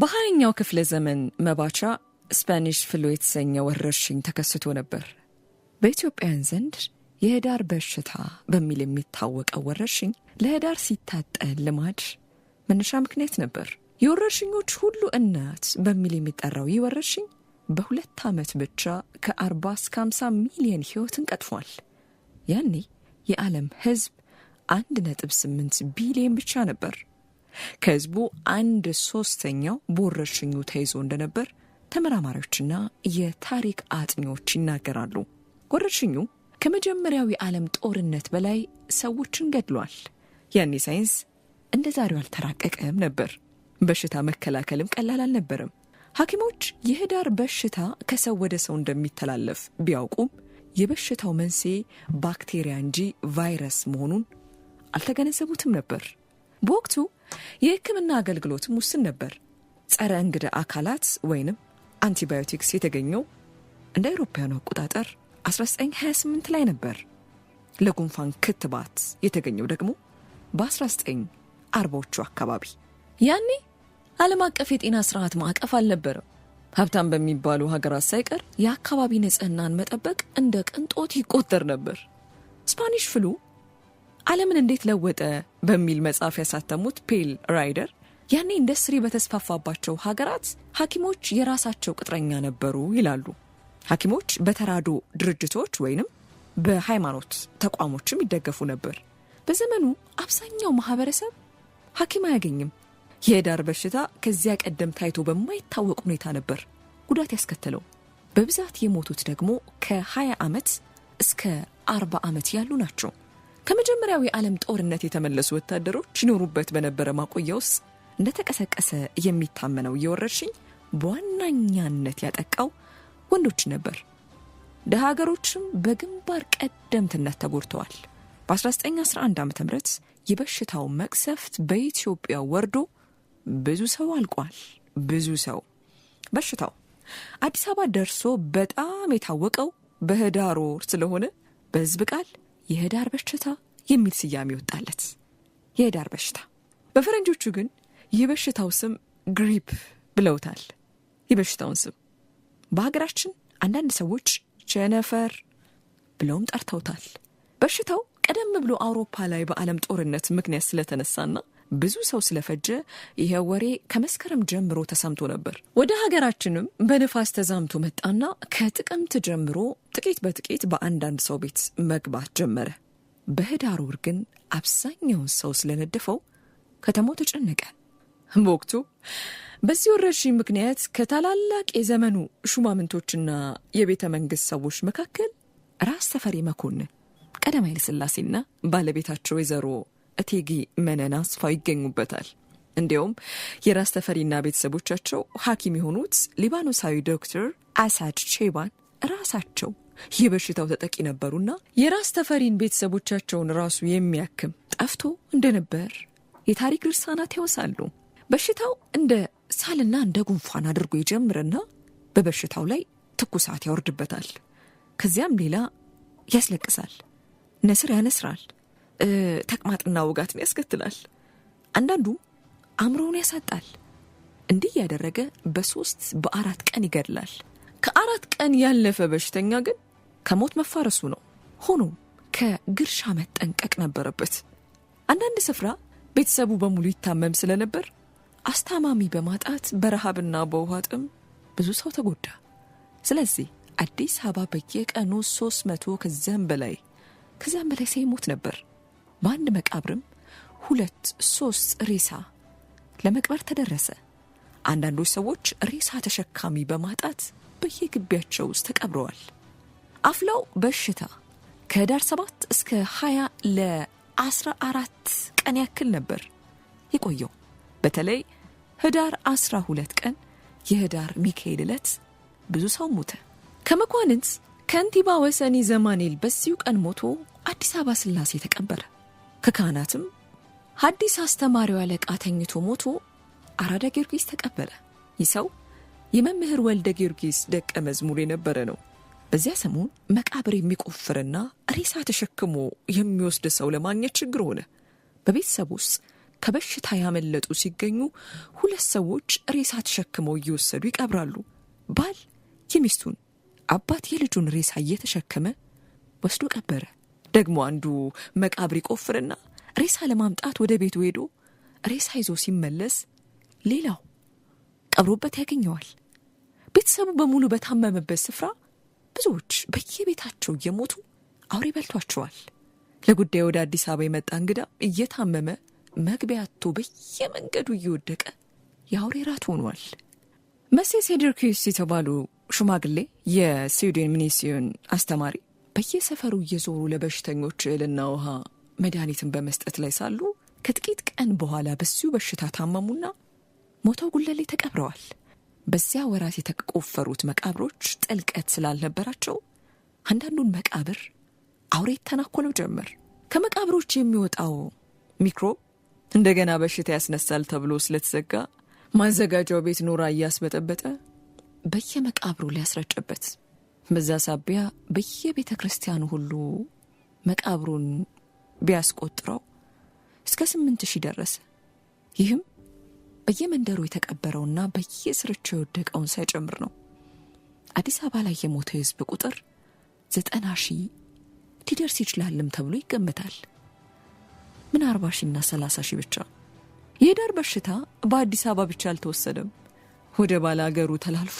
በሀያኛው ክፍለ ዘመን መባቻ ስፓኒሽ ፍሉ የተሰኘ ወረርሽኝ ተከስቶ ነበር። በኢትዮጵያውያን ዘንድ የህዳር በሽታ በሚል የሚታወቀው ወረርሽኝ ለህዳር ሲታጠን ልማድ መነሻ ምክንያት ነበር። የወረርሽኞች ሁሉ እናት በሚል የሚጠራው ይህ ወረርሽኝ በሁለት ዓመት ብቻ ከ40 እስከ 50 ሚሊየን ህይወትን ቀጥፏል። ያኔ የዓለም ህዝብ 1.8 ቢሊየን ብቻ ነበር። ከህዝቡ አንድ ሶስተኛው በወረርሽኙ ተይዞ እንደነበር ተመራማሪዎችና የታሪክ አጥኚዎች ይናገራሉ። ወረርሽኙ ከመጀመሪያው የዓለም ጦርነት በላይ ሰዎችን ገድሏል። ያኔ ሳይንስ እንደ ዛሬው አልተራቀቀም ነበር። በሽታ መከላከልም ቀላል አልነበረም። ሐኪሞች የህዳር በሽታ ከሰው ወደ ሰው እንደሚተላለፍ ቢያውቁም የበሽታው መንስኤ ባክቴሪያ እንጂ ቫይረስ መሆኑን አልተገነዘቡትም ነበር። በወቅቱ የሕክምና አገልግሎትም ውስን ነበር። ጸረ እንግደ አካላት ወይንም አንቲባዮቲክስ የተገኘው እንደ አውሮፓውያኑ አቆጣጠር 1928 ላይ ነበር። ለጉንፋን ክትባት የተገኘው ደግሞ በ1940ዎቹ አካባቢ። ያኔ ዓለም አቀፍ የጤና ስርዓት ማዕቀፍ አልነበረም። ሀብታም በሚባሉ ሀገራት ሳይቀር የአካባቢ ንጽህናን መጠበቅ እንደ ቅንጦት ይቆጠር ነበር። ስፓኒሽ ፍሉ ዓለምን እንዴት ለወጠ በሚል መጽሐፍ ያሳተሙት ፔል ራይደር ያኔ ኢንዱስትሪ በተስፋፋባቸው ሀገራት ሐኪሞች የራሳቸው ቅጥረኛ ነበሩ ይላሉ። ሐኪሞች በተራዶ ድርጅቶች ወይንም በሃይማኖት ተቋሞችም ይደገፉ ነበር። በዘመኑ አብዛኛው ማህበረሰብ ሐኪም አያገኝም። የዳር በሽታ ከዚያ ቀደም ታይቶ በማይታወቅ ሁኔታ ነበር ጉዳት ያስከተለው። በብዛት የሞቱት ደግሞ ከ20 ዓመት እስከ 40 ዓመት ያሉ ናቸው። ከመጀመሪያው የዓለም ጦርነት የተመለሱ ወታደሮች ይኖሩበት በነበረ ማቆያ ውስጥ እንደተቀሰቀሰ የሚታመነው የወረርሽኝ በዋናኛነት ያጠቃው ወንዶች ነበር። ደሃ ሀገሮችም በግንባር ቀደምትነት ተጎድተዋል። በ1911 ዓ ም የበሽታው መቅሰፍት በኢትዮጵያ ወርዶ ብዙ ሰው አልቋል። ብዙ ሰው በሽታው አዲስ አበባ ደርሶ በጣም የታወቀው በህዳር ወር ስለሆነ በህዝብ ቃል የህዳር በሽታ የሚል ስያሜ ወጣለት። የህዳር በሽታ በፈረንጆቹ ግን የበሽታው ስም ግሪፕ ብለውታል። የበሽታውን ስም በሀገራችን አንዳንድ ሰዎች ቸነፈር ብለውም ጠርተውታል። በሽታው ቀደም ብሎ አውሮፓ ላይ በዓለም ጦርነት ምክንያት ስለተነሳና ብዙ ሰው ስለፈጀ ይሄ ወሬ ከመስከረም ጀምሮ ተሰምቶ ነበር። ወደ ሀገራችንም በንፋስ ተዛምቶ መጣና ከጥቅምት ጀምሮ ጥቂት በጥቂት በአንዳንድ ሰው ቤት መግባት ጀመረ። በህዳር ወር ግን አብዛኛውን ሰው ስለነደፈው ከተማው ተጨነቀ። በወቅቱ በዚህ ወረርሽኝ ምክንያት ከታላላቅ የዘመኑ ሹማምንቶችና የቤተ መንግስት ሰዎች መካከል ራስ ተፈሪ መኮንን ቀዳማዊ ኃይለ ሥላሴና ባለቤታቸው ወይዘሮ እቴጌ መነን አስፋ ይገኙበታል። እንዲያውም የራስ ተፈሪና ቤተሰቦቻቸው ሐኪም የሆኑት ሊባኖሳዊ ዶክተር አሳድ ቼባን ራሳቸው የበሽታው ተጠቂ ነበሩና የራስ ተፈሪን ቤተሰቦቻቸውን ራሱ የሚያክም ጠፍቶ እንደነበር የታሪክ ድርሳናት ያወሳሉ። በሽታው እንደ ሳልና እንደ ጉንፋን አድርጎ ይጀምርና በበሽታው ላይ ትኩሳት ያወርድበታል። ከዚያም ሌላ ያስለቅሳል፣ ነስር ያነስራል፣ ተቅማጥና ውጋትን ያስከትላል። አንዳንዱ አእምሮውን ያሳጣል። እንዲህ ያደረገ በሶስት በአራት ቀን ይገድላል። ከአራት ቀን ያለፈ በሽተኛ ግን ከሞት መፋረሱ ነው። ሆኖም ከግርሻ መጠንቀቅ ነበረበት። አንዳንድ ስፍራ ቤተሰቡ በሙሉ ይታመም ስለነበር አስታማሚ በማጣት በረሃብና በውሃ ጥም ብዙ ሰው ተጎዳ። ስለዚህ አዲስ አበባ በየቀኑ ሶስት መቶ ከዚያም በላይ ከዚያም በላይ ሰው ይሞት ነበር። በአንድ መቃብርም ሁለት ሶስት ሬሳ ለመቅበር ተደረሰ። አንዳንዶች ሰዎች ሬሳ ተሸካሚ በማጣት በየግቢያቸው ውስጥ ተቀብረዋል። አፍላው በሽታ ከህዳር 7 እስከ 20 ለ14 ቀን ያክል ነበር የቆየው። በተለይ ህዳር 12 ቀን የህዳር ሚካኤል ዕለት ብዙ ሰው ሞተ። ከመኳንንት ከንቲባ ወሰኒ ዘማኔል በዚሁ ቀን ሞቶ አዲስ አበባ ስላሴ ተቀበረ። ከካህናትም ሐዲስ አስተማሪው አለቃ ተኝቶ ሞቶ አራዳ ጊዮርጊስ ተቀበለ። ይህ ሰው የመምህር ወልደ ጊዮርጊስ ደቀ መዝሙር የነበረ ነው። በዚያ ሰሞን መቃብር የሚቆፍርና ሬሳ ተሸክሞ የሚወስድ ሰው ለማግኘት ችግር ሆነ። በቤተሰብ ውስጥ ከበሽታ ያመለጡ ሲገኙ ሁለት ሰዎች ሬሳ ተሸክመው እየወሰዱ ይቀብራሉ። ባል የሚስቱን፣ አባት የልጁን ሬሳ እየተሸከመ ወስዶ ቀበረ። ደግሞ አንዱ መቃብር ይቆፍርና ሬሳ ለማምጣት ወደ ቤቱ ሄዶ ሬሳ ይዞ ሲመለስ ሌላው ቀብሮበት ያገኘዋል። ቤተሰቡ በሙሉ በታመመበት ስፍራ ብዙዎች በየቤታቸው እየሞቱ አውሬ በልቷቸዋል። ለጉዳይ ወደ አዲስ አበባ የመጣ እንግዳ እየታመመ መግቢያ አጥቶ በየመንገዱ እየወደቀ የአውሬ ራት ሆኗል። መሴ ሴድርኪስ የተባሉ ሽማግሌ የስዊድን ሚኒስዮን አስተማሪ በየሰፈሩ እየዞሩ ለበሽተኞች እህልና ውሃ መድኃኒትን በመስጠት ላይ ሳሉ ከጥቂት ቀን በኋላ በዚሁ በሽታ ታመሙና ሞተው ጉለሌ ተቀብረዋል። በዚያ ወራት የተቆፈሩት መቃብሮች ጥልቀት ስላልነበራቸው አንዳንዱን መቃብር አውሬ ተናኮለው ጀመር። ከመቃብሮች የሚወጣው ሚክሮብ እንደገና በሽታ ያስነሳል ተብሎ ስለተዘጋ ማዘጋጃው ቤት ኖራ እያስበጠበጠ በየመቃብሩ ሊያስረጭበት በዛ ሳቢያ በየቤተ ክርስቲያኑ ሁሉ መቃብሩን ቢያስቆጥረው እስከ ስምንት ሺህ ደረሰ። ይህም በየመንደሩ የተቀበረውና በየስርቸው የወደቀውን ሳይጨምር ነው። አዲስ አበባ ላይ የሞተው የህዝብ ቁጥር ዘጠና ሺህ ሊደርስ ይችላልም ተብሎ ይገመታል። ምን አርባ ሺህና ሰላሳ ሺህ ብቻ። የዳር በሽታ በአዲስ አበባ ብቻ አልተወሰደም። ወደ ባላገሩ ተላልፎ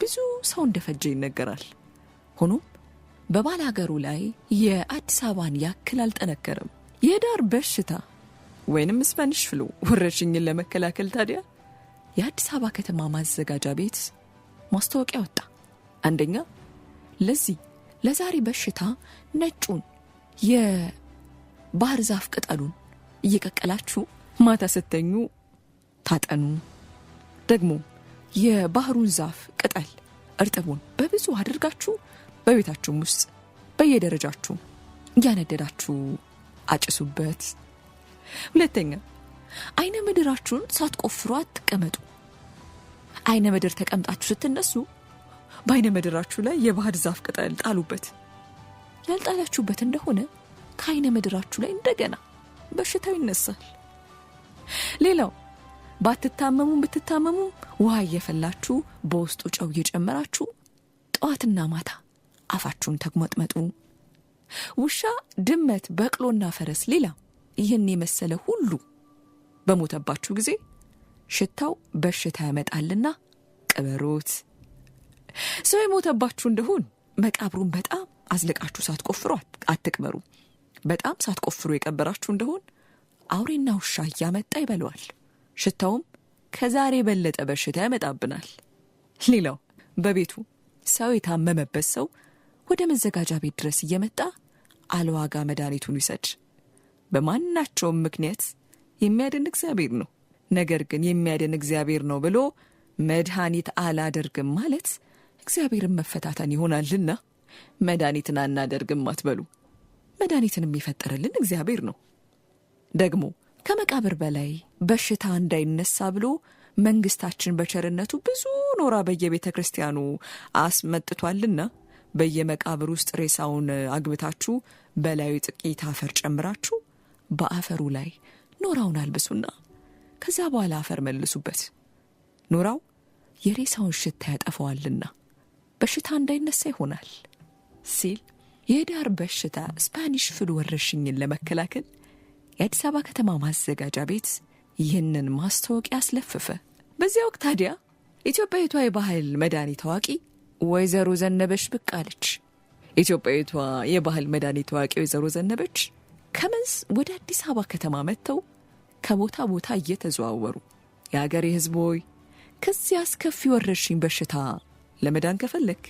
ብዙ ሰው እንደፈጀ ይነገራል። ሆኖም በባል ሀገሩ ላይ የአዲስ አበባን ያክል አልጠነከርም። የዳር በሽታ ወይንም ስፓኒሽ ፍሉ ወረርሽኝን ለመከላከል ታዲያ የአዲስ አበባ ከተማ ማዘጋጃ ቤት ማስታወቂያ ወጣ። አንደኛ ለዚህ ለዛሬ በሽታ ነጩን የባህር ዛፍ ቅጠሉን እየቀቀላችሁ ማታ ስተኙ ታጠኑ። ደግሞ የባህሩን ዛፍ ቅጠል እርጥቡን በብዙ አድርጋችሁ በቤታችሁም ውስጥ በየደረጃችሁ እያነደዳችሁ አጭሱበት። ሁለተኛ አይነ ምድራችሁን ሳትቆፍሩ አትቀመጡ። አይነ ምድር ተቀምጣችሁ ስትነሱ በአይነ ምድራችሁ ላይ የባህር ዛፍ ቅጠል ጣሉበት። ያልጣላችሁበት እንደሆነ ከአይነ ምድራችሁ ላይ እንደገና በሽታው ይነሳል። ሌላው ባትታመሙም ብትታመሙም ውሃ እየፈላችሁ በውስጡ ጨው እየጨመራችሁ ጠዋትና ማታ አፋችሁን ተጉመጥመጡ። ውሻ፣ ድመት፣ በቅሎና ፈረስ ሌላ ይህን የመሰለ ሁሉ በሞተባችሁ ጊዜ ሽታው በሽታ ያመጣልና ቅበሩት። ሰው የሞተባችሁ እንደሆን መቃብሩን በጣም አዝልቃችሁ ሳትቆፍሩ አትቅበሩ። በጣም ሳትቆፍሩ የቀበራችሁ እንደሆን አውሬና ውሻ እያመጣ ይበለዋል። ሽታውም ከዛሬ የበለጠ በሽታ ያመጣብናል። ሌላው በቤቱ ሰው የታመመበት ሰው ወደ መዘጋጃ ቤት ድረስ እየመጣ አልዋጋ መድኃኒቱን ይሰድ። በማናቸውም ምክንያት የሚያድን እግዚአብሔር ነው። ነገር ግን የሚያድን እግዚአብሔር ነው ብሎ መድኃኒት አላደርግም ማለት እግዚአብሔርን መፈታተን ይሆናልና መድኃኒትን አናደርግም አትበሉ። መድኃኒትን የሚፈጠርልን እግዚአብሔር ነው። ደግሞ ከመቃብር በላይ በሽታ እንዳይነሳ ብሎ መንግስታችን በቸርነቱ ብዙ ኖራ በየቤተ ክርስቲያኑ አስመጥቷልና በየመቃብር ውስጥ ሬሳውን አግብታችሁ በላዩ ጥቂት አፈር ጨምራችሁ በአፈሩ ላይ ኖራውን አልብሱና ከዛ በኋላ አፈር መልሱበት። ኖራው የሬሳውን ሽታ ያጠፈዋልና በሽታ እንዳይነሳ ይሆናል ሲል የዳር በሽታ ስፓኒሽ ፍሉ ወረርሽኝን ለመከላከል የአዲስ አበባ ከተማ ማዘጋጃ ቤት ይህንን ማስታወቂያ አስለፈፈ። በዚያ ወቅት ታዲያ ኢትዮጵያዊቷ የባህል መድኃኒት ታዋቂ ወይዘሮ ዘነበች ብቅ አለች። ኢትዮጵያዊቷ የባህል መድኃኒት ታዋቂ ወይዘሮ ዘነበች ከመንዝ ወደ አዲስ አበባ ከተማ መጥተው ከቦታ ቦታ እየተዘዋወሩ የአገሬ ሕዝብ ሆይ ከዚህ አስከፊ ወረርሽኝ በሽታ ለመዳን ከፈለክ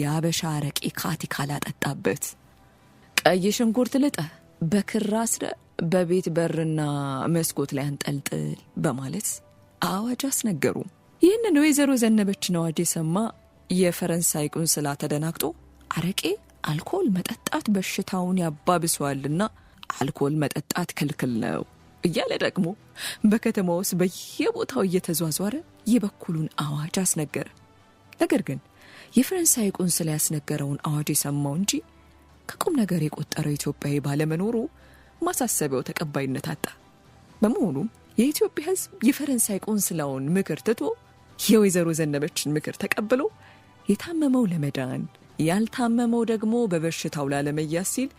የአበሻ አረቄ ካቲ ካላጠጣበት ቀይ ሽንኩርት ልጠ በክር አስረ በቤት በርና መስኮት ላይ አንጠልጥል በማለት አዋጅ አስነገሩ። ይህንን ወይዘሮ ዘነበችን አዋጅ የሰማ የፈረንሳይ ቁንስላ ተደናግጦ አረቄ አልኮል መጠጣት በሽታውን ያባብሰዋልና አልኮል መጠጣት ክልክል ነው እያለ ደግሞ በከተማ ውስጥ በየቦታው እየተዟዟረ የበኩሉን አዋጅ አስነገረ። ነገር ግን የፈረንሳይ ቁንስላ ያስነገረውን አዋጅ የሰማው እንጂ ከቁም ነገር የቆጠረው ኢትዮጵያዊ ባለመኖሩ ማሳሰቢያው ተቀባይነት አጣ። በመሆኑም የኢትዮጵያ ሕዝብ የፈረንሳይ ቆንስላውን ምክር ትቶ የወይዘሮ ዘነበችን ምክር ተቀብሎ የታመመው ለመዳን ያልታመመው ደግሞ በበሽታው ላለመያዝ ሲል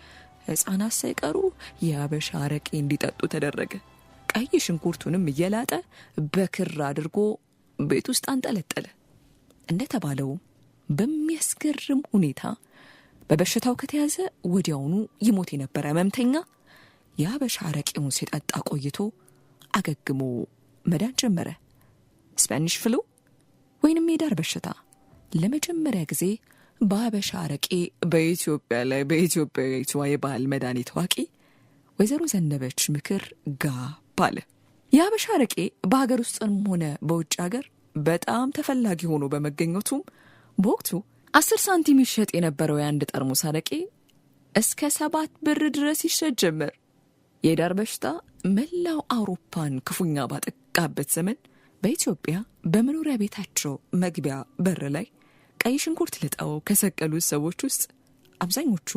ሕፃናት ሳይቀሩ የአበሻ አረቄ እንዲጠጡ ተደረገ። ቀይ ሽንኩርቱንም እየላጠ በክር አድርጎ ቤት ውስጥ አንጠለጠለ። እንደተባለው በሚያስገርም ሁኔታ በበሽታው ከተያዘ ወዲያውኑ ይሞት የነበረ ሕመምተኛ የአበሻ አረቄውን ሲጠጣ ቆይቶ አገግሞ መዳን ጀመረ። ስፓኒሽ ፍሉ ወይንም የዳር በሽታ ለመጀመሪያ ጊዜ በሀበሻ አረቄ በኢትዮጵያ ላይ በኢትዮጵያዊቷ የባህል መድኃኒት ዋቂ ወይዘሮ ዘነበች ምክር ጋብ አለ። የሀበሻ አረቄ በሀገር ውስጥም ሆነ በውጭ ሀገር በጣም ተፈላጊ ሆኖ በመገኘቱም በወቅቱ አስር ሳንቲም ይሸጥ የነበረው የአንድ ጠርሙስ አረቄ እስከ ሰባት ብር ድረስ ይሸጥ ጀመር። የዳር በሽታ መላው አውሮፓን ክፉኛ ባጠቃበት ዘመን በኢትዮጵያ በመኖሪያ ቤታቸው መግቢያ በር ላይ ቀይ ሽንኩርት ልጠው ከሰቀሉት ሰዎች ውስጥ አብዛኞቹ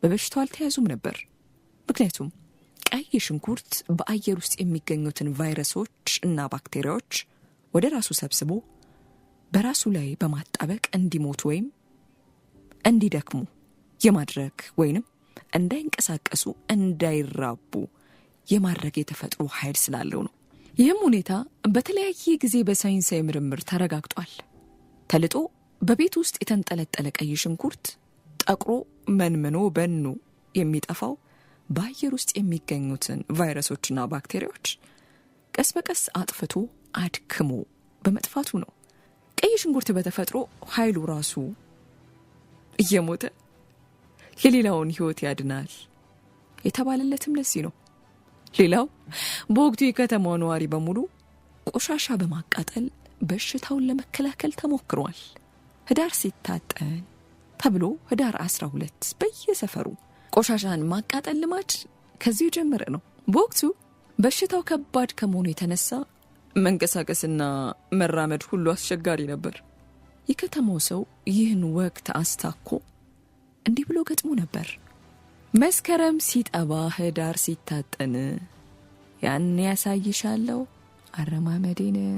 በበሽታው አልተያዙም ነበር። ምክንያቱም ቀይ ሽንኩርት በአየር ውስጥ የሚገኙትን ቫይረሶች እና ባክቴሪያዎች ወደ ራሱ ሰብስቦ በራሱ ላይ በማጣበቅ እንዲሞቱ ወይም እንዲደክሙ የማድረግ ወይንም እንዳይንቀሳቀሱ፣ እንዳይራቡ የማድረግ የተፈጥሮ ኃይል ስላለው ነው። ይህም ሁኔታ በተለያየ ጊዜ በሳይንሳዊ ምርምር ተረጋግጧል። ተልጦ በቤት ውስጥ የተንጠለጠለ ቀይ ሽንኩርት ጠቁሮ መንምኖ በኖ የሚጠፋው በአየር ውስጥ የሚገኙትን ቫይረሶችና ባክቴሪያዎች ቀስ በቀስ አጥፍቶ አድክሞ በመጥፋቱ ነው። ቀይ ሽንኩርት በተፈጥሮ ኃይሉ ራሱ እየሞተ የሌላውን ሕይወት ያድናል የተባለለትም ለዚህ ነው። ሌላው በወቅቱ የከተማው ነዋሪ በሙሉ ቆሻሻ በማቃጠል በሽታውን ለመከላከል ተሞክሯል። ህዳር ሲታጠን ተብሎ ህዳር 12 በየሰፈሩ ቆሻሻን ማቃጠል ልማድ ከዚሁ ጀምረ ነው። በወቅቱ በሽታው ከባድ ከመሆኑ የተነሳ መንቀሳቀስና መራመድ ሁሉ አስቸጋሪ ነበር። የከተማው ሰው ይህን ወቅት አስታኮ እንዲህ ብሎ ገጥሞ ነበር። መስከረም ሲጠባ ህዳር ሲታጠን ያን ያሳይሻለው አረማመዴን